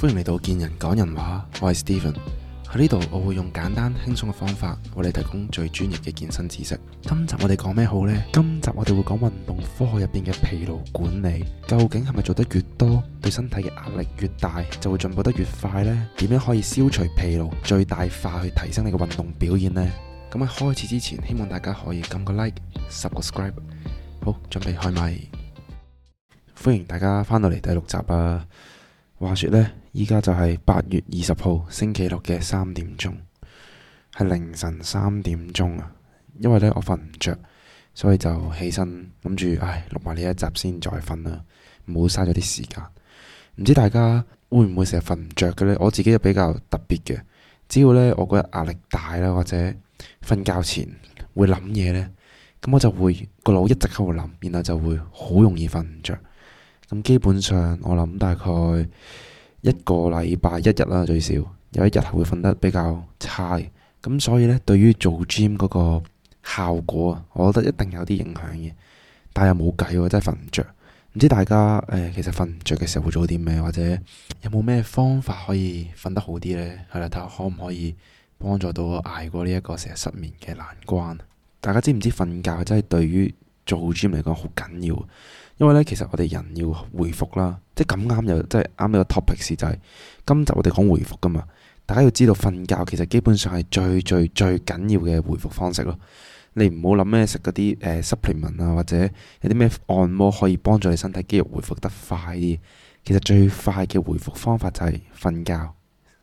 歡迎嚟到健人講人話，我係 Steven 喺呢度，我會用簡單輕鬆嘅方法為你提供最專業嘅健身知識。今集我哋講咩好呢？今集我哋會講運動科學入邊嘅疲勞管理，究竟係咪做得越多，對身體嘅壓力越大，就會進步得越快呢？點樣可以消除疲勞，最大化去提升你嘅運動表現呢？咁喺開始之前，希望大家可以撳個 like，subscribe，好，準備開咪！歡迎大家翻到嚟第六集啊！話說呢。依家就係八月二十號星期六嘅三點鐘，係凌晨三點鐘啊。因為咧我瞓唔着，所以就起身諗住，唉，錄埋呢一集先，再瞓啦，唔好嘥咗啲時間。唔知大家會唔會成日瞓唔着嘅呢？我自己就比較特別嘅，只要咧我覺得壓力大啦，或者瞓覺前會諗嘢咧，咁我就會個腦一直喺度諗，然後就會好容易瞓唔着。咁基本上我諗大概。一個禮拜一日啦，最少，有一日係會瞓得比較差嘅。咁所以呢，對於做 gym 嗰個效果啊，我覺得一定有啲影響嘅，但係又冇計喎，真係瞓唔着，唔知大家誒、呃，其實瞓唔着嘅時候會做啲咩，或者有冇咩方法可以瞓得好啲呢？咧？係啦，睇下可唔可以幫助到我捱過呢一個成日失眠嘅難關？大家知唔知瞓覺真係對於做 gym 嚟講好緊要？因為咧，其實我哋人要回復啦，即係咁啱又即係啱呢個 topic 就係今集我哋講回復噶嘛。大家要知道，瞓覺其實基本上係最最最緊要嘅回復方式咯。你唔好諗咩食嗰啲誒 supplement 啊，或者有啲咩按摩可以幫助你身體肌肉回復得快啲。其實最快嘅回復方法就係瞓覺，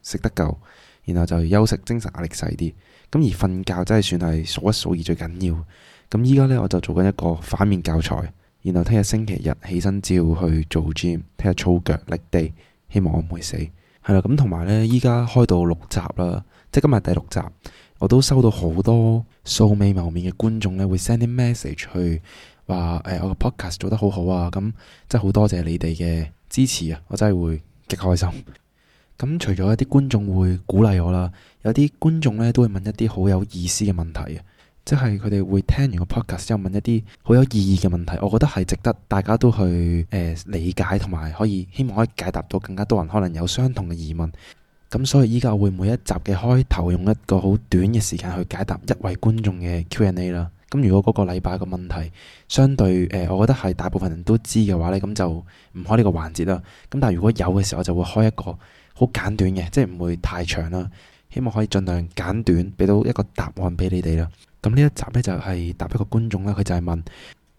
食得夠，然後就休息，精神壓力細啲。咁而瞓覺真係算係數一數二最緊要。咁依家咧，我就做緊一個反面教材。然後聽日星期日起身照去做 gym，聽日操腳力地，希望我唔會死。係啦，咁同埋呢，依家開到六集啦，即係今日第六集，我都收到好多素未謀面嘅觀眾呢，會 send 啲 message 去話，誒，我個 podcast 做得好好啊，咁真係好多謝你哋嘅支持啊，我真係會極開心。咁除咗一啲觀眾會鼓勵我啦，有啲觀眾呢都會問一啲好有意思嘅問題啊。即係佢哋會聽完個 podcast 之後問一啲好有意義嘅問題，我覺得係值得大家都去誒、呃、理解同埋可以希望可以解答到更加多人可能有相同嘅疑問。咁所以依家我會每一集嘅開頭用一個好短嘅時間去解答一位觀眾嘅 Q&A 啦。咁如果嗰個禮拜個問題相對誒、呃，我覺得係大部分人都知嘅話咧，咁就唔開呢個環節啦。咁但係如果有嘅時候，我就會開一個好簡短嘅，即係唔會太長啦。希望可以盡量簡短，俾到一個答案俾你哋啦。咁呢一集咧就係答一個觀眾啦，佢就係問，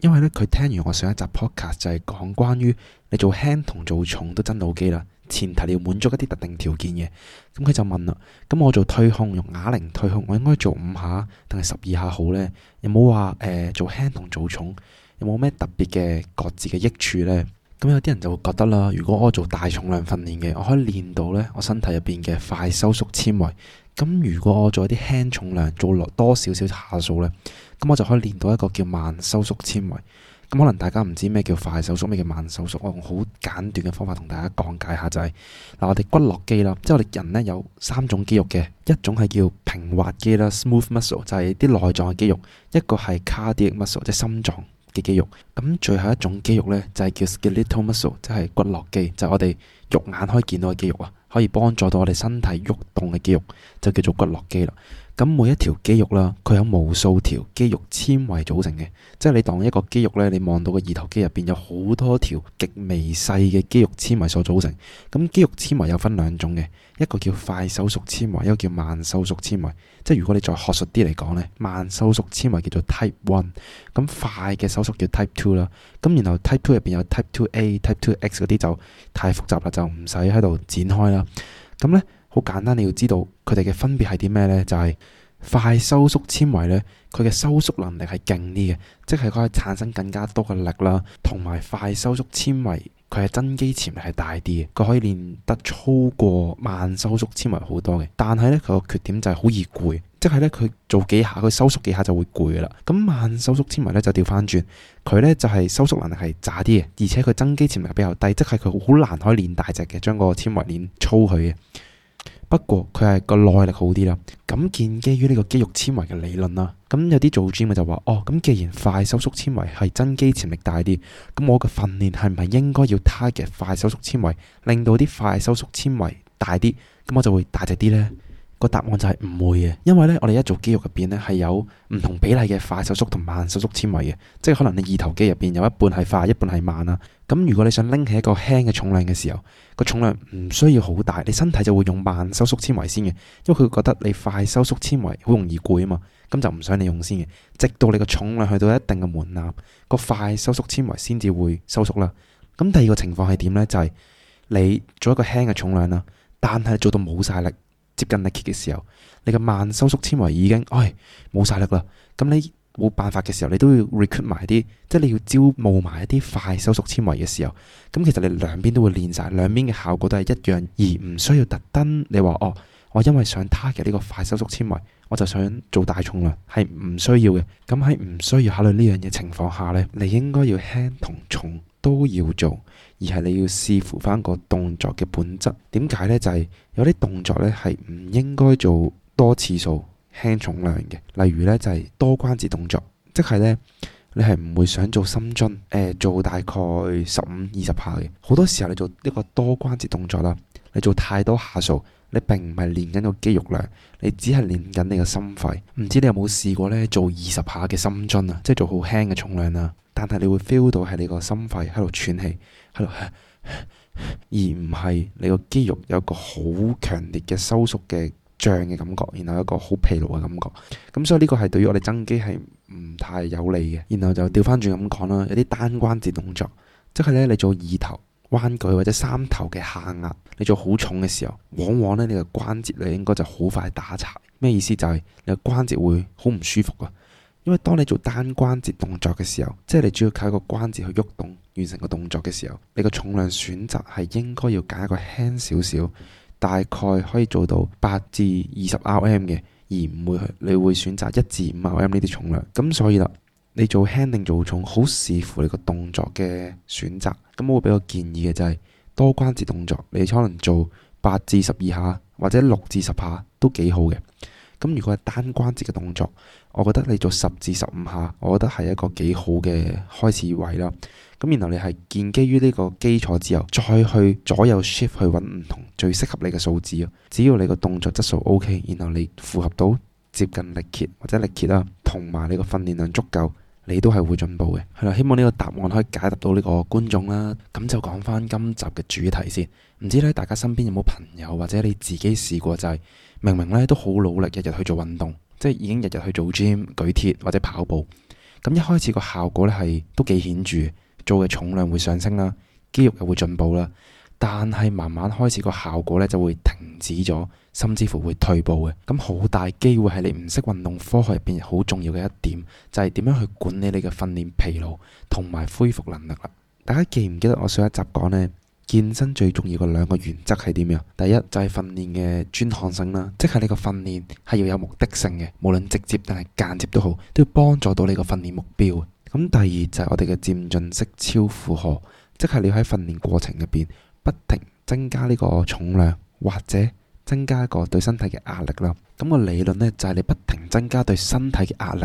因為咧佢聽完我上一集 podcast 就係講關於你做輕同做重都增到肌啦，前提你要滿足一啲特定條件嘅。咁佢就問啦，咁我做推胸，用啞鈴推胸，我應該做五下定係十二下好呢？有冇話誒做輕同做重有冇咩特別嘅各自嘅益處呢？咁有啲人就會覺得啦，如果我做大重量訓練嘅，我可以練到咧我身體入邊嘅快收縮纖維。咁如果我做一啲輕重量，做落多少少下數呢？咁我就可以練到一個叫慢收縮纖維。咁可能大家唔知咩叫快收縮，咩叫慢收縮，我用好簡短嘅方法同大家講解下就係嗱，我哋骨骼肌啦，即係我哋人呢有三種肌肉嘅，一種係叫平滑肌啦 （smooth muscle），就係啲內臟嘅肌肉；一個係 cardiac muscle，即係心臟嘅肌肉；咁最後一種肌肉呢，就係叫 skeletal muscle，即係骨骼肌，就係我哋肉眼可以見到嘅肌肉啊。可以幫助到我哋身體喐動嘅肌肉，就叫做骨骼肌啦。咁每一條肌肉啦，佢有無數條肌肉纖維組成嘅，即係你當一個肌肉呢，你望到個二頭肌入邊有好多條極微細嘅肌肉纖維所組成。咁肌肉纖維有分兩種嘅，一個叫快收縮纖維，一個叫慢收縮纖維。即係如果你再學術啲嚟講呢，慢收縮纖維叫做 Type One，咁快嘅收縮叫 Type Two 啦。咁然後 Type Two 入邊有 Type Two A、Type Two X 嗰啲就太複雜啦，就唔使喺度展開啦。咁呢，好簡單，你要知道佢哋嘅分別係啲咩呢？就係、是。快收縮纖維咧，佢嘅收縮能力係勁啲嘅，即係佢可以產生更加多嘅力啦。同埋快收縮纖維，佢係增肌潛力係大啲嘅，佢可以練得粗過慢收縮纖維好多嘅。但係咧，佢嘅缺點就係好易攰，即係咧佢做幾下，佢收縮幾下就會攰啦。咁慢收縮纖維咧就掉翻轉，佢咧就係收縮能力係渣啲嘅，而且佢增肌潛力比較低，即係佢好難可以練大隻嘅，將個纖維練粗佢嘅。不過佢係個耐力好啲啦，咁建基於呢個肌肉纖維嘅理論啦，咁有啲做 gym 嘅就話，哦，咁既然快收縮纖維係增肌潛力大啲，咁我嘅訓練係咪應該要 target 快收縮纖維，令到啲快收縮纖維大啲，咁我就會大隻啲咧？個答案就係唔會嘅，因為呢，我哋一做肌肉入邊呢，係有唔同比例嘅快收縮同慢收縮纖維嘅，即係可能你二頭肌入邊有一半係快，一半係慢啦。咁如果你想拎起一個輕嘅重量嘅時候，個重量唔需要好大，你身體就會用慢收縮纖維先嘅，因為佢覺得你快收縮纖維好容易攰啊嘛，咁就唔想你用先嘅，直到你個重量去到一定嘅門檻，個快收縮纖維先至會收縮啦。咁第二個情況係點呢？就係、是、你做一個輕嘅重量啦，但係做到冇晒力。接近力竭嘅時候，你嘅慢收縮纖維已經，唉，冇晒力啦。咁你冇辦法嘅時候，你都要 recruit 埋啲，即係你要招募埋一啲快收縮纖維嘅時候，咁其實你兩邊都會練晒，兩邊嘅效果都係一樣，而唔需要特登你話哦。我因為想 target 呢個快收縮纖維，我就想做大重量，係唔需要嘅。咁喺唔需要考慮呢樣嘢情況下呢，你應該要輕同重都要做，而係你要視乎翻個動作嘅本質。點解呢？就係、是、有啲動作呢係唔應該做多次數輕重量嘅，例如呢就係多關節動作，即係呢你係唔會想做深蹲、呃，做大概十五二十下嘅。好多時候你做呢個多關節動作啦，你做太多下數。你並唔係練緊個肌肉量，你只係練緊你個心肺。唔知你有冇試過呢？做二十下嘅深蹲啊，即係做好輕嘅重量啊？但係你會 feel 到喺你個心肺喺度喘氣，喺度，而唔係你個肌肉有一個好強烈嘅收縮嘅脹嘅感覺，然後有一個好疲勞嘅感覺。咁所以呢個係對於我哋增肌係唔太有利嘅。然後就調翻轉咁講啦，有啲單關節動作，即係呢，你做二頭。彎舉或者三頭嘅下壓，你做好重嘅時候，往往呢，你個關節你應該就好快打柴。咩意思？就係你個關節會好唔舒服啊！因為當你做單關節動作嘅時候，即係你主要靠一個關節去喐動，完成個動作嘅時候，你個重量選擇係應該要揀一個輕少少，大概可以做到八至二十 R M 嘅，而唔會去你會選擇一至五 R M 呢啲重量。咁所以啦，你做輕定做重，好視乎你個動作嘅選擇。咁我會比較建議嘅就係多關節動作，你可能做八至十二下或者六至十下都幾好嘅。咁如果係單關節嘅動作，我覺得你做十至十五下，我覺得係一個幾好嘅開始位啦。咁然後你係建基於呢個基礎之後，再去左右 shift 去揾唔同最適合你嘅數字啊。只要你個動作質素 OK，然後你符合到接近力竭或者力竭啊，同埋你個訓練量足夠。你都係會進步嘅，係啦。希望呢個答案可以解答到呢個觀眾啦。咁就講返今集嘅主題先，唔知咧大家身邊有冇朋友或者你自己試過，就係明明咧都好努力，日日去做運動，即係已經日日去做 gym 舉鐵或者跑步。咁一開始個效果咧係都幾顯著，做嘅重量會上升啦，肌肉又會進步啦。但係慢慢開始個效果咧就會停止咗。甚至乎會退步嘅。咁好大機會係你唔識運動科學入邊好重要嘅一點，就係點樣去管理你嘅訓練疲勞同埋恢復能力啦。大家記唔記得我上一集講呢？健身最重要嘅兩個原則係點樣？第一就係訓練嘅專項性啦，即係你個訓練係要有目的性嘅，無論直接定係間接都好，都要幫助到你個訓練目標。咁第二就係我哋嘅漸進式超負荷，即係你要喺訓練過程入邊不停增加呢個重量或者增加個對身體嘅壓力啦，咁個理論呢，就係你不停增加對身體嘅壓力，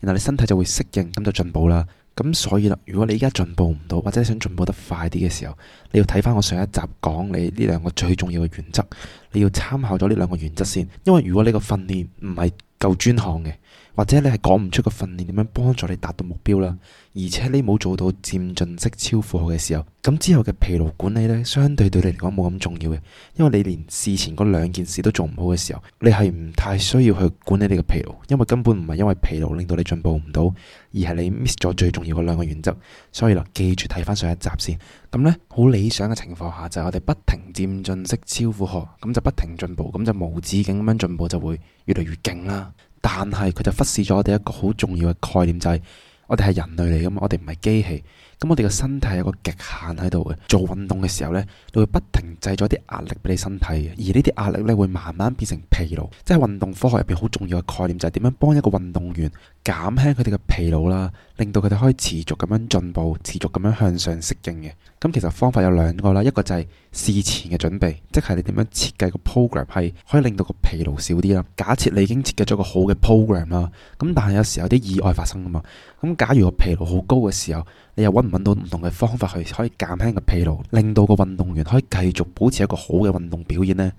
然後你身體就會適應，咁就進步啦。咁所以啦，如果你依家進步唔到，或者想進步得快啲嘅時候，你要睇翻我上一集講你呢兩個最重要嘅原則，你要參考咗呢兩個原則先。因為如果你個訓練唔係夠專項嘅。或者你係講唔出個訓練點樣幫助你達到目標啦，而且你冇做到漸進式超負荷嘅時候，咁之後嘅疲勞管理呢，相對對你嚟講冇咁重要嘅，因為你連事前嗰兩件事都做唔好嘅時候，你係唔太需要去管理你嘅疲勞，因為根本唔係因為疲勞令到你進步唔到，而係你 miss 咗最重要嘅兩個原則。所以啦，記住睇翻上一集先。咁呢，好理想嘅情況下就係我哋不停漸進式超負荷，咁就不停進步，咁就無止境咁樣進步，就會越嚟越勁啦。但係佢就忽視咗我哋一個好重要嘅概念，就係我哋係人類嚟噶嘛，我哋唔係機器，咁我哋嘅身體有個極限喺度嘅。做運動嘅時候呢，你會不停製咗啲壓力俾你身體嘅，而呢啲壓力呢會慢慢變成疲勞。即係運動科學入邊好重要嘅概念，就係點樣幫一個運動員。減輕佢哋嘅疲勞啦，令到佢哋可以持續咁樣進步，持續咁樣向上適應嘅。咁其實方法有兩個啦，一個就係事前嘅準備，即係你點樣設計個 program 係可以令到個疲勞少啲啦。假設你已經設計咗個好嘅 program 啦，咁但係有時有啲意外發生啊嘛。咁假如個疲勞好高嘅時候，你又揾唔揾到唔同嘅方法去可以減輕個疲勞，令到個運動員可以繼續保持一個好嘅運動表現呢？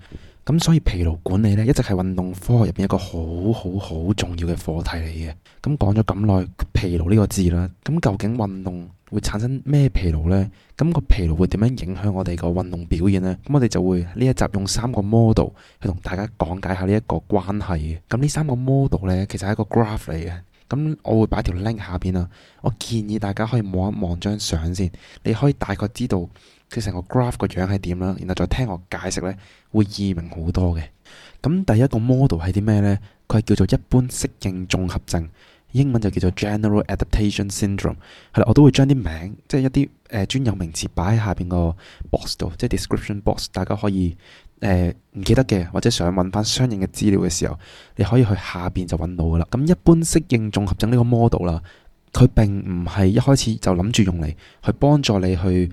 咁所以疲勞管理呢，一直係運動科學入邊一個好好好重要嘅課題嚟嘅。咁講咗咁耐疲勞呢個字啦，咁究竟運動會產生咩疲勞呢？咁個疲勞會點樣影響我哋個運動表現呢？咁我哋就會呢一集用三個 model 去同大家講解下呢一個關係嘅。咁呢三個 model 呢，其實係一個 graph 嚟嘅。咁我會擺條 link 下邊啦，我建議大家可以望一望張相先，你可以大概知道。佢成個 graph 個樣係點啦，然後再聽我解釋咧，會易明好多嘅。咁第一個 model 係啲咩咧？佢係叫做一般適應綜合症，英文就叫做 General Adaptation Syndrome。係啦，我都會將啲名即係一啲誒、呃、專有名詞擺喺下邊個 box 度，即係 description box。大家可以誒唔、呃、記得嘅，或者想揾翻相應嘅資料嘅時候，你可以去下邊就揾到噶啦。咁一般適應綜合症呢個 model 啦，佢並唔係一開始就諗住用嚟去幫助你去。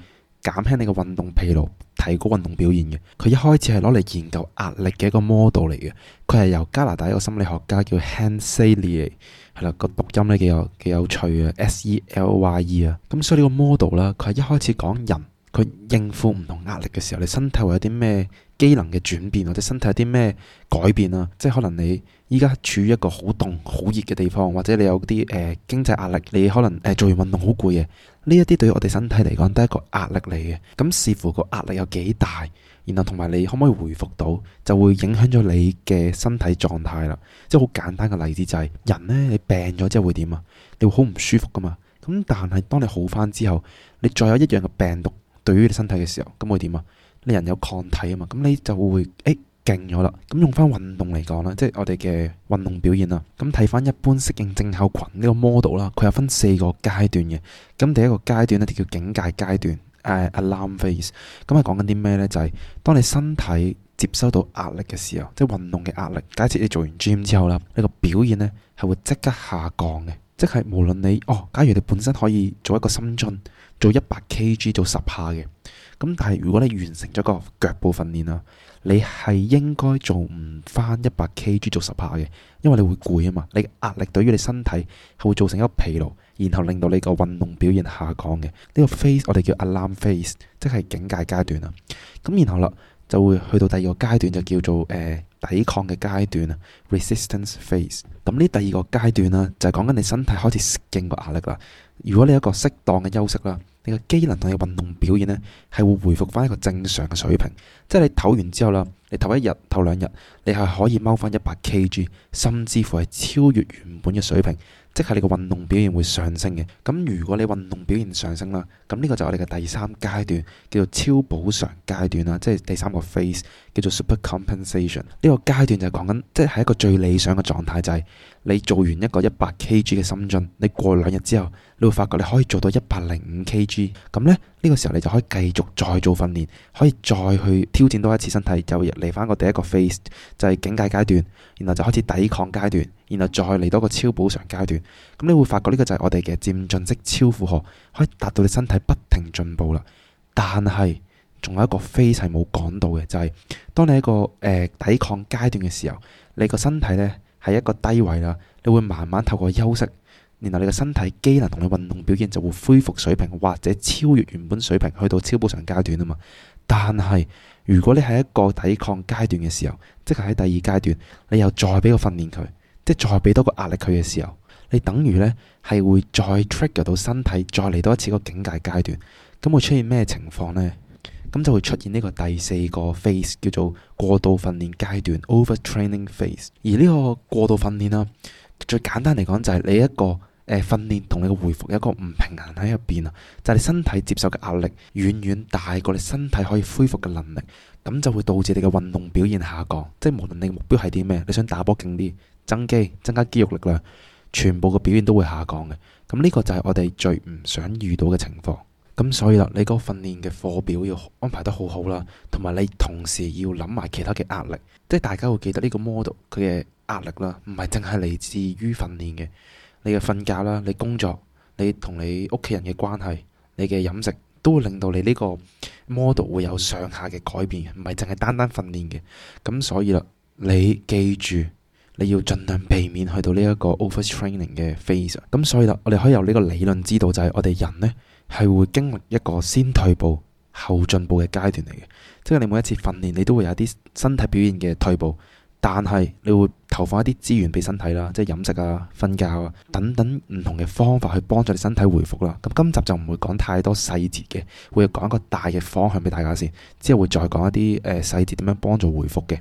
減輕你嘅運動疲勞，提高運動表現嘅。佢一開始係攞嚟研究壓力嘅一個 model 嚟嘅。佢係由加拿大一個心理學家叫 Hans Selye，係啦，個讀音咧幾有幾有趣啊，S E L Y E 啊。咁所以個模呢個 model 咧，佢係一開始講人佢應付唔同壓力嘅時候，你身體會有啲咩機能嘅轉變，或者身體有啲咩改變啊？即係可能你依家處於一個好凍、好熱嘅地方，或者你有啲誒、呃、經濟壓力，你可能誒、呃、做完運動好攰嘅。呢一啲對於我哋身體嚟講都係一個壓力嚟嘅，咁視乎個壓力有幾大，然後同埋你可唔可以回復到，就會影響咗你嘅身體狀態啦。即係好簡單嘅例子就係、是、人呢，你病咗之後會點啊？你會好唔舒服㗎嘛。咁但係當你好返之後，你再有一樣嘅病毒對於你身體嘅時候，咁會點啊？你人有抗體吖嘛，咁你就會誒，哎勁咗啦，咁用翻運動嚟講啦，即係我哋嘅運動表現啦。咁睇翻一般適應症候群呢個 model 啦，佢有分四個階段嘅。咁第一個階段呢，啲叫警戒階段，誒 alarm phase。咁係講緊啲咩呢？就係、是、當你身體接收到壓力嘅時候，即係運動嘅壓力。假設你做完 gym 之後啦，你個表現呢係會即刻下降嘅。即係無論你哦，假如你本身可以做一個深蹲，做一百 kg 做十下嘅，咁但係如果你完成咗個腳步訓練啦。你係應該做唔翻一百 K，g 做十下嘅，因為你會攰啊嘛。你壓力對於你身體係會造成一個疲勞，然後令到你個運動表現下降嘅。呢、這個 f a c e 我哋叫 alarm f a c e，即係警戒階段啊。咁然後啦，就會去到第二個階段就叫做誒、呃、抵抗嘅階段啊，resistance phase。咁呢第二個階段啦，就係講緊你身體開始應個壓力啦。如果你有一個適當嘅休息啦。你嘅機能同你運動表現呢，係會回復翻一個正常嘅水平。即係你唞完之後啦，你唞一日、唞兩日，你係可以踎翻一百 kg，甚至乎係超越原本嘅水平。即係你嘅運動表現會上升嘅。咁如果你運動表現上升啦，咁呢個就係你嘅第三階段，叫做超補償階段啦，即係第三個 phase。叫做 super compensation 呢個階段就係講緊，即係一個最理想嘅狀態，就係、是、你做完一個一百 kg 嘅深蹲，你過兩日之後，你會發覺你可以做到一百零五 kg。咁呢，呢、這個時候你就可以繼續再做訓練，可以再去挑戰多一次身體，就嚟翻個第一個 phase，就係警戒階段，然後就開始抵抗階段，然後再嚟多個超補償階段。咁你會發覺呢個就係我哋嘅漸進式超負荷，可以達到你身體不停進步啦。但係，仲有一個非常冇講到嘅，就係、是、當你喺一個誒、呃、抵抗階段嘅時候，你個身體呢係一個低位啦，你會慢慢透過休息，然後你個身體機能同你運動表現就會恢復水平或者超越原本水平，去到超補償階段啊嘛。但係如果你喺一個抵抗階段嘅時候，即係喺第二階段，你又再俾個訓練佢，即係再俾多個壓力佢嘅時候，你等於呢係會再 trigger 到身體再嚟多一次個警戒階段，咁會出現咩情況呢？咁就會出現呢個第四個 phase 叫做過度訓練階段 （overtraining phase）。而呢個過度訓練啦，最簡單嚟講就係你一個誒訓練同你嘅回復有一個唔平衡喺入邊啊，就係你身體接受嘅壓力遠遠大過你身體可以恢復嘅能力，咁就會導致你嘅運動表現下降。即係無論你嘅目標係啲咩，你想打波勁啲、增肌、增加肌肉力量，全部嘅表現都會下降嘅。咁呢個就係我哋最唔想遇到嘅情況。咁所以啦，你個訓練嘅課表要安排得好好啦，同埋你同時要諗埋其他嘅壓力，即係大家會記得呢個 model 佢嘅壓力啦，唔係淨係嚟自於訓練嘅，你嘅瞓覺啦，你工作，你同你屋企人嘅關係，你嘅飲食，都會令到你呢個 model 會有上下嘅改變，唔係淨係單單訓練嘅。咁所以啦，你記住你要盡量避免去到呢一個 overtraining 嘅 phase。咁所以啦，我哋可以由呢個理論知道就係我哋人呢，係會經歷一個先退步後進步嘅階段嚟嘅，即係你每一次訓練，你都會有啲身體表現嘅退步，但係你會投放一啲資源俾身體啦，即係飲食啊、瞓覺啊等等唔同嘅方法去幫助你身體回復啦。咁今集就唔會講太多細節嘅，會講一個大嘅方向俾大家先，之後會再講一啲誒細節點樣幫助回復嘅。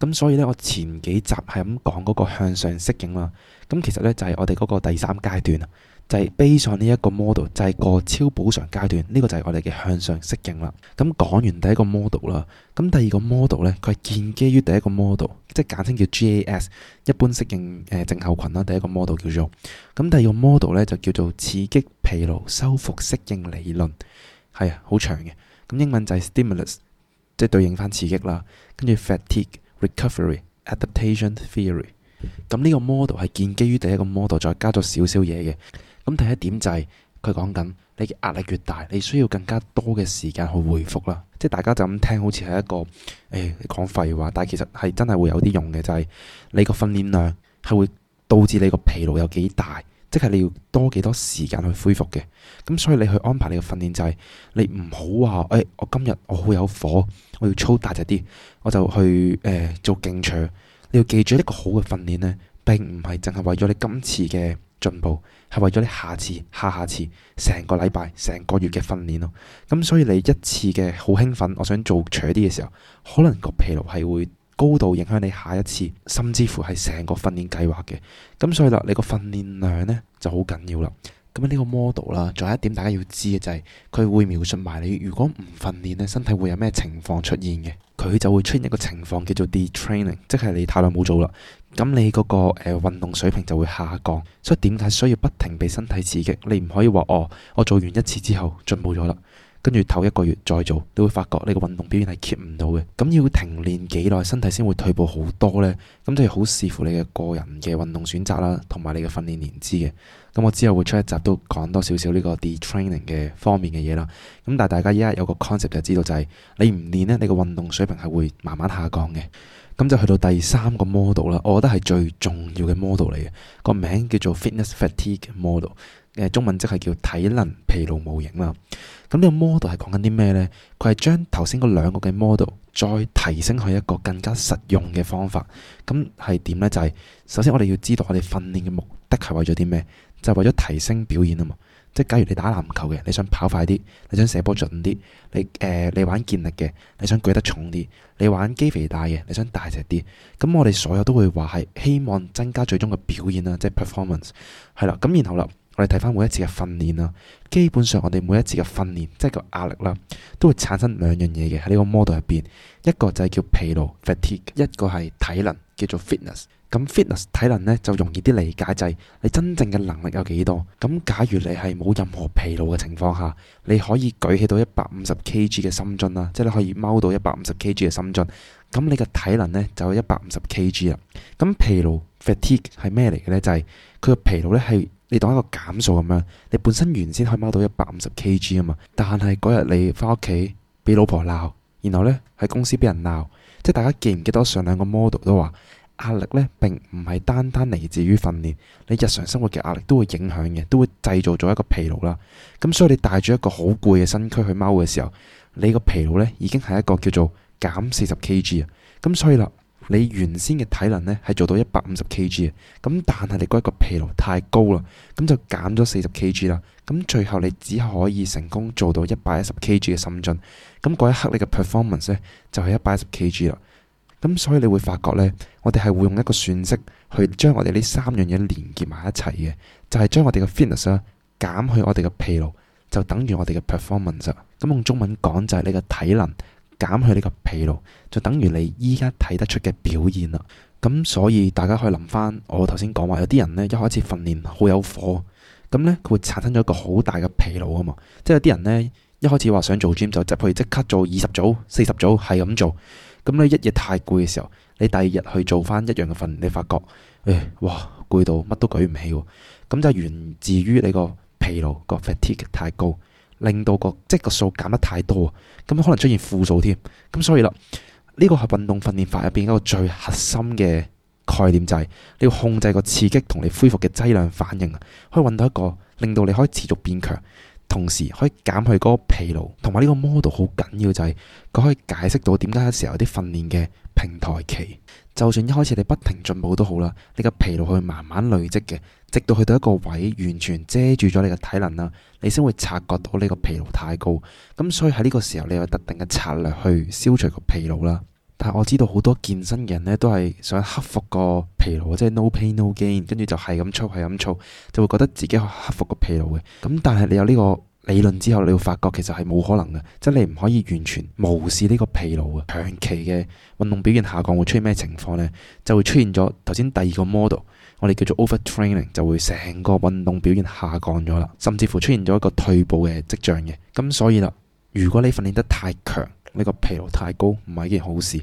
咁所以呢，我前幾集係咁講嗰個向上適應啦，咁其實呢，就係我哋嗰個第三階段啊。就係 based on 呢一個 model，就係個超補償階段，呢、呢個就係我哋嘅向上適應啦。咁講完第一個 model 啦，咁第二個 model 咧，佢係建基於第一個 model，即係簡稱叫 GAS，一般適應誒症候群啦。第一個 model 叫做咁，第二個 model 咧就叫做刺激疲勞修復適應理論，係啊，好長嘅。咁英文就係 stimulus，即係對應返刺激啦，跟住 fatigue recovery adaptation theory。咁呢個 model 係建基於第一個 model，再加咗少少嘢嘅。咁第一點就係佢講緊，你嘅壓力越大，你需要更加多嘅時間去回復啦。即係大家就咁聽，好似係一個誒講廢話，但係其實係真係會有啲用嘅，就係你個訓練量係會導致你個疲勞有幾大，即係你要多幾多時間去恢復嘅。咁所以你去安排你嘅訓練就係，你唔好話誒，我今日我好有火，我要操大隻啲，我就去誒、呃、做競賽。你要記住一個好嘅訓練呢，並唔係淨係為咗你今次嘅。進步係為咗你下次、下下次、成個禮拜、成個月嘅訓練咯。咁所以你一次嘅好興奮，我想做扯啲嘅時候，可能個疲勞係會高度影響你下一次，甚至乎係成個訓練計劃嘅。咁所以啦，你個訓練量呢就好緊要啦。咁呢個 model 啦，仲有一點大家要知嘅就係，佢會描述埋你如果唔訓練咧，身體會有咩情況出現嘅。佢就會出現一個情況叫做 de-training，即係你太耐冇做啦。咁你嗰、那個誒、呃、運動水平就會下降，所以點解需要不停被身體刺激？你唔可以話哦，我做完一次之後進步咗啦，跟住頭一個月再做，你會發覺你個運動表現係 keep 唔到嘅。咁要停練幾耐，身體先會退步好多呢？咁就係好視乎你嘅個人嘅運動選擇啦，同埋你嘅訓練年資嘅。咁我之後會出一集都講多少少呢個 detraining 嘅方面嘅嘢啦。咁但係大家依家有個 concept 就知道，就係你唔練呢，你個運動水平係會慢慢下降嘅。咁就去到第三個 model 啦，我覺得係最重要嘅 model 嚟嘅，個名叫做 Fitness Fatigue Model，誒，中文即係叫體能疲勞模型啦。咁呢個 model 係講緊啲咩呢？佢係將頭先嗰兩個嘅 model 再提升去一個更加實用嘅方法。咁係點呢？就係首先我哋要知道我哋訓練嘅目的係為咗啲咩？就係為咗提升表演啊嘛。即係假如你打籃球嘅，你想跑快啲，你想射波準啲，你誒、呃、你玩健力嘅，你想舉得重啲，你玩肌肥大嘅，你想大隻啲，咁我哋所有都會話係希望增加最終嘅表現啦，即係 performance，係啦，咁然後啦。我哋睇翻每一次嘅訓練啦，基本上我哋每一次嘅訓練即係個壓力啦，都會產生兩樣嘢嘅喺呢個 model 入邊，一個就係叫疲勞 fatigue，一個係體能叫做 fitness。咁 fitness 體能呢，就容易啲理解，就係你真正嘅能力有幾多。咁假如你係冇任何疲勞嘅情況下，你可以舉起到一百五十 kg 嘅深蹲啦，即係你可以踎到一百五十 kg 嘅深蹲，咁你嘅體能呢，就有一百五十 kg 啦。咁疲勞 fatigue 係咩嚟嘅呢？就係佢嘅疲勞呢係。你當一個減數咁樣，你本身原先可以踎到一百五十 Kg 啊嘛，但係嗰日你翻屋企俾老婆鬧，然後呢喺公司俾人鬧，即係大家記唔記得上兩個 model 都話，壓力呢並唔係單單嚟自於訓練，你日常生活嘅壓力都會影響嘅，都會製造咗一個疲勞啦。咁所以你帶住一個好攰嘅身軀去踎嘅時候，你個疲勞呢已經係一個叫做減四十 Kg 啊，咁所以啦。你原先嘅體能呢係做到一百五十 kg 啊，咁但係你嗰一個疲勞太高啦，咁就減咗四十 kg 啦，咁最後你只可以成功做到一百一十 kg 嘅深蹲，咁嗰一刻你嘅 performance 呢，就係一百一十 kg 啦，咁所以你會發覺呢，我哋係會用一個算式去將我哋呢三樣嘢連結埋一齊嘅，就係將我哋嘅 fitness 減去我哋嘅疲勞，就等於我哋嘅 performance，咁用中文講就係你嘅體能。減去你個疲勞，就等於你依家睇得出嘅表現啦。咁所以大家可以諗翻，我頭先講話有啲人呢一開始訓練好有火，咁呢佢會產生咗一個好大嘅疲勞啊嘛。即係有啲人呢一開始話想做 gym 就即去即刻做二十組、四十組，係咁做，咁你一日太攰嘅時候，你第二日去做翻一樣嘅訓練，你發覺誒，哇，攰到乜都舉唔起，咁就源自於你個疲勞，個 fatigue 太高。令到、個即係、就是、個數減得太多，咁可能出現負數添。咁所以啦，呢個係運動訓練法入邊一個最核心嘅概念，就係、係、你要控制個刺激同你恢復嘅劑量反應，可以揾到一個令到你可以持續變強，同時可以減去嗰個疲勞。同埋呢個 model 好緊要，就係佢可以解釋到點解有時候有啲訓練嘅平台期，就算一開始你不停進步都好啦，你嘅疲勞係慢慢累積嘅。直到去到一個位，完全遮住咗你嘅體能啦，你先會察覺到你個疲勞太高。咁所以喺呢個時候，你有特定嘅策略去消除個疲勞啦。但係我知道好多健身嘅人呢，都係想克服個疲勞，即係 no pain no gain，跟住就係咁操係咁操，操，就會覺得自己可以克服個疲勞嘅。咁但係你有呢個理論之後，你會發覺其實係冇可能嘅，即係你唔可以完全無視呢個疲勞啊。長期嘅運動表現下降會出現咩情況呢？就會出現咗頭先第二個 model。我哋叫做 overtraining，就會成個運動表現下降咗啦，甚至乎出現咗一個退步嘅跡象嘅。咁所以啦，如果你訓練得太強，呢個疲勞太高，唔係一件好事。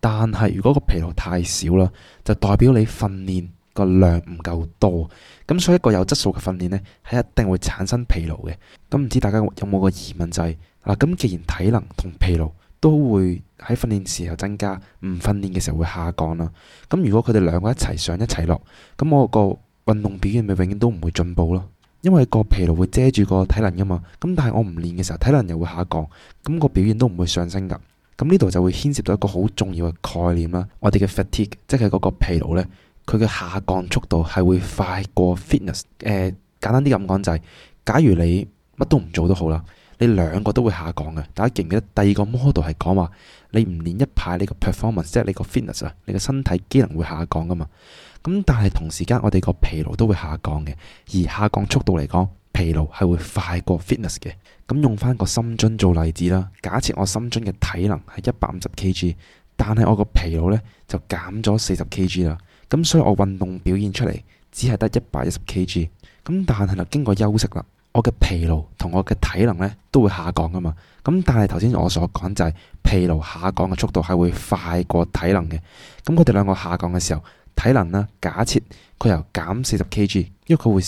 但係如果個疲勞太少啦，就代表你訓練個量唔夠多。咁所以一個有質素嘅訓練呢，係一定會產生疲勞嘅。咁唔知大家有冇個疑問就係嗱，咁既然體能同疲勞都會喺訓練時候增加，唔訓練嘅時候會下降啦。咁如果佢哋兩個一齊上一齊落，咁我個運動表現咪永遠都唔會進步咯。因為個疲勞會遮住個體能噶嘛。咁但係我唔練嘅時候，體能又會下降，咁個表現都唔會上升噶。咁呢度就會牽涉到一個好重要嘅概念啦。我哋嘅 fatigue，即係嗰個疲勞呢，佢嘅下降速度係會快過 fitness。誒，簡單啲咁講就係，假如你乜都唔做都好啦。你兩個都會下降嘅。大家記唔記得第二個 model 係講話，你唔練一排，你個 performance 即係你個 fitness 啊，你個身體機能會下降噶嘛。咁但係同時間，我哋個疲勞都會下降嘅。而下降速度嚟講，疲勞係會快過 fitness 嘅。咁、嗯、用翻個深蹲做例子啦。假設我深蹲嘅體能係一百五十 kg，但係我個疲勞呢就減咗四十 kg 啦。咁、嗯、所以我運動表現出嚟只係得一百一十 kg。咁但係啦，經過休息啦。我嘅疲勞同我嘅體能咧都會下降噶嘛，咁但係頭先我所講就係疲勞下降嘅速度係會快過體能嘅，咁佢哋兩個下降嘅時候，體能啦，假設佢由減四十 kg，因為佢會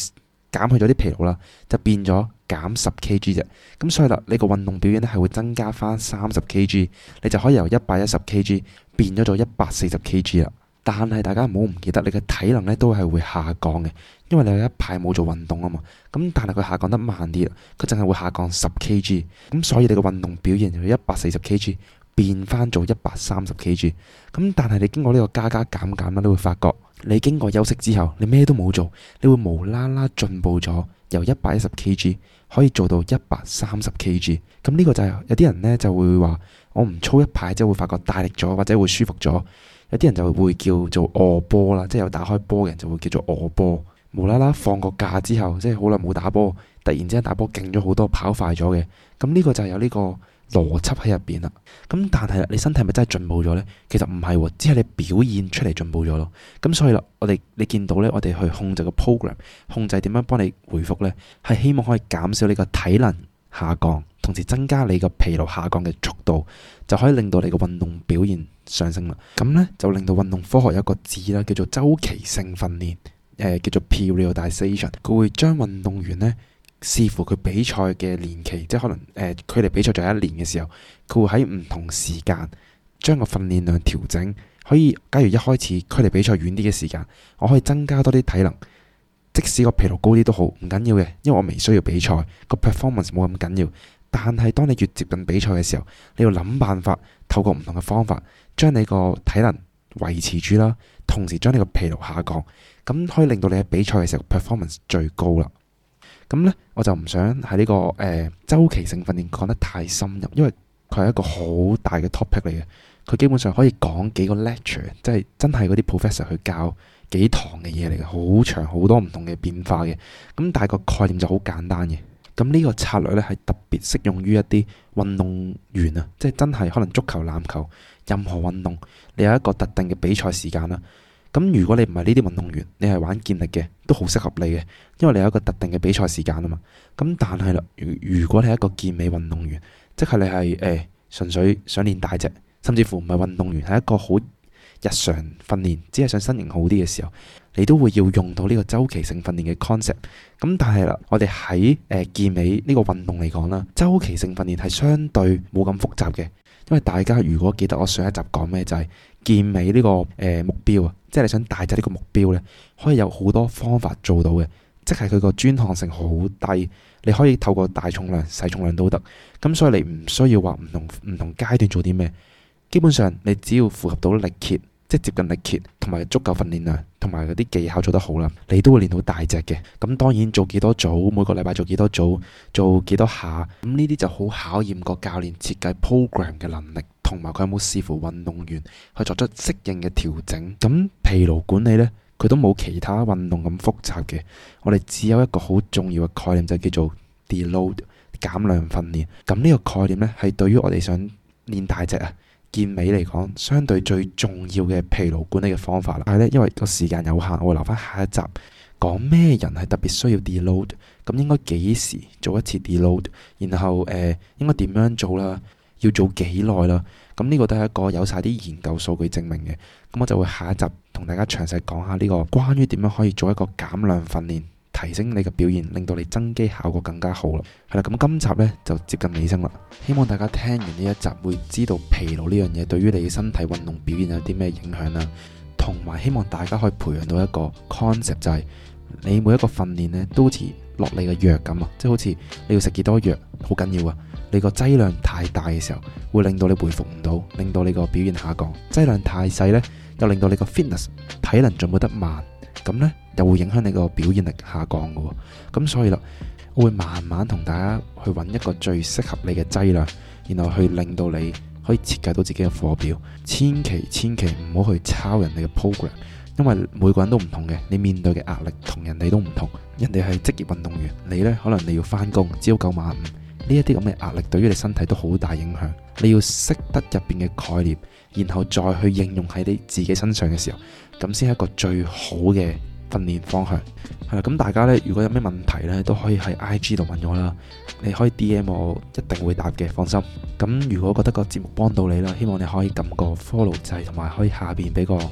減去咗啲疲勞啦，就變咗減十 kg 啫，咁所以啦，你個運動表現咧係會增加翻三十 kg，你就可以由一百一十 kg 變咗做一百四十 kg 啦。但係大家唔好唔記得，你嘅體能咧都係會下降嘅，因為你有一排冇做運動啊嘛。咁但係佢下降得慢啲，佢淨係會下降十 Kg，咁所以你嘅運動表現由一百四十 Kg 變翻做一百三十 Kg。咁但係你經過呢個加加減減啦，你會發覺你經過休息之後，你咩都冇做，你會無啦啦進步咗，由一百一十 Kg 可以做到一百三十 Kg。咁呢個就係有啲人咧就會話，我唔操一排即係會發覺大力咗或者會舒服咗。有啲人就會叫做臥波啦，即係、就是、有打開波嘅人就會叫做臥波。無啦啦放個假之後，即係好耐冇打波，突然之間打波勁咗好多，跑快咗嘅。咁呢個就係有呢個邏輯喺入邊啦。咁但係你身體咪真係進步咗呢？其實唔係喎，只係你表現出嚟進步咗咯。咁所以啦，我哋你見到咧，我哋去控制個 program，控制點樣幫你回復咧，係希望可以減少你個體能下降，同時增加你個疲勞下降嘅速度，就可以令到你個運動表現，上升啦，咁呢就令到運動科學有一個字啦，叫做週期性訓練，誒叫做 Periodization。佢會將運動員呢視乎佢比賽嘅年期，即係可能誒、呃、距離比賽仲有一年嘅時候，佢會喺唔同時間將個訓練量調整。可以，假如一開始距離比賽遠啲嘅時間，我可以增加多啲體能，即使個疲勞高啲都好，唔緊要嘅，因為我未需要比賽，個 performance 冇咁緊要。但係當你越接近比賽嘅時候，你要諗辦法透過唔同嘅方法，將你個體能維持住啦，同時將你個疲勞下降，咁可以令到你喺比賽嘅時候 performance 最高啦。咁呢，我就唔想喺呢、這個誒、呃、週期性訓練講得太深入，因為佢係一個好大嘅 topic 嚟嘅。佢基本上可以講幾個 lecture，即係真係嗰啲 professor 去教幾堂嘅嘢嚟嘅，好長，好多唔同嘅變化嘅。咁但係個概念就好簡單嘅。咁呢個策略咧係特別適用於一啲運動員啊，即係真係可能足球、籃球，任何運動，你有一個特定嘅比賽時間啦。咁如果你唔係呢啲運動員，你係玩健力嘅，都好適合你嘅，因為你有一個特定嘅比賽時間啊嘛。咁但係啦，如果你係一個健美運動員，即係你係誒純粹想練大隻，甚至乎唔係運動員，係一個好日常訓練，只係想身形好啲嘅時候。你都會要用到呢個週期性訓練嘅 concept，咁但係啦，我哋喺誒健美呢個運動嚟講啦，週期性訓練係相對冇咁複雜嘅，因為大家如果記得我上一集講咩，就係健美呢個誒目標啊，即係你想大隻呢個目標呢，就是，可以有好多方法做到嘅，即係佢個專項性好低，你可以透過大重量、細重量都得，咁所以你唔需要話唔同唔同階段做啲咩，基本上你只要符合到力竭。即接近力竭，同埋足夠訓練量，同埋嗰啲技巧做得好啦，你都會練到大隻嘅。咁當然做幾多組，每個禮拜做幾多組，做幾多下，咁呢啲就好考驗個教練設計 program 嘅能力，同埋佢有冇視乎運動員去作出適應嘅調整。咁疲勞管理呢，佢都冇其他運動咁複雜嘅。我哋只有一個好重要嘅概念就叫做 de-load 減量訓練。咁呢個概念呢，係對於我哋想練大隻啊，健美嚟講，相對最重要嘅疲勞管理嘅方法啦。但係咧，因為個時間有限，我會留翻下，下一集講咩人係特別需要 de-load，咁應該幾時做一次 de-load，然後誒、呃、應該點樣做啦，要做幾耐啦。咁呢個都係一個有晒啲研究數據證明嘅。咁我就會下一集同大家詳細講下呢、這個關於點樣可以做一個減量訓練。提升你嘅表現，令到你增肌效果更加好啦。係啦，咁今集呢，就接近尾聲啦。希望大家聽完呢一集會知道疲勞呢樣嘢對於你嘅身體運動表現有啲咩影響啦，同埋希望大家可以培養到一個 concept，就係你每一個訓練呢都好似落你嘅藥咁啊，即係好似你要食幾多藥，好緊要啊。你個劑量太大嘅時候，會令到你回復唔到，令到你個表現下降；劑量太細呢，又令到你個 fitness 體能進步得慢。咁呢又會影響你個表現力下降噶，咁所以啦，我會慢慢同大家去揾一個最適合你嘅劑量，然後去令到你可以設計到自己嘅課表。千祈千祈唔好去抄人哋嘅 program，因為每個人都唔同嘅，你面對嘅壓力同人哋都唔同，人哋係職業運動員，你呢可能你要翻工朝九晚五。呢一啲咁嘅壓力，對於你身體都好大影響。你要識得入邊嘅概念，然後再去應用喺你自己身上嘅時候，咁先係一個最好嘅訓練方向。係啦，咁大家呢，如果有咩問題呢，都可以喺 I G 度問我啦。你可以 D M 我，一定會答嘅，放心。咁如果覺得個節目幫到你啦，希望你可以撳個 follow 掣，同埋可以下邊俾個誒、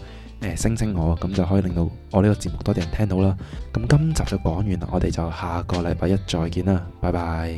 呃、聲稱我，咁就可以令到我呢個節目多啲人聽到啦。咁今集就講完啦，我哋就下個禮拜一再見啦，拜拜。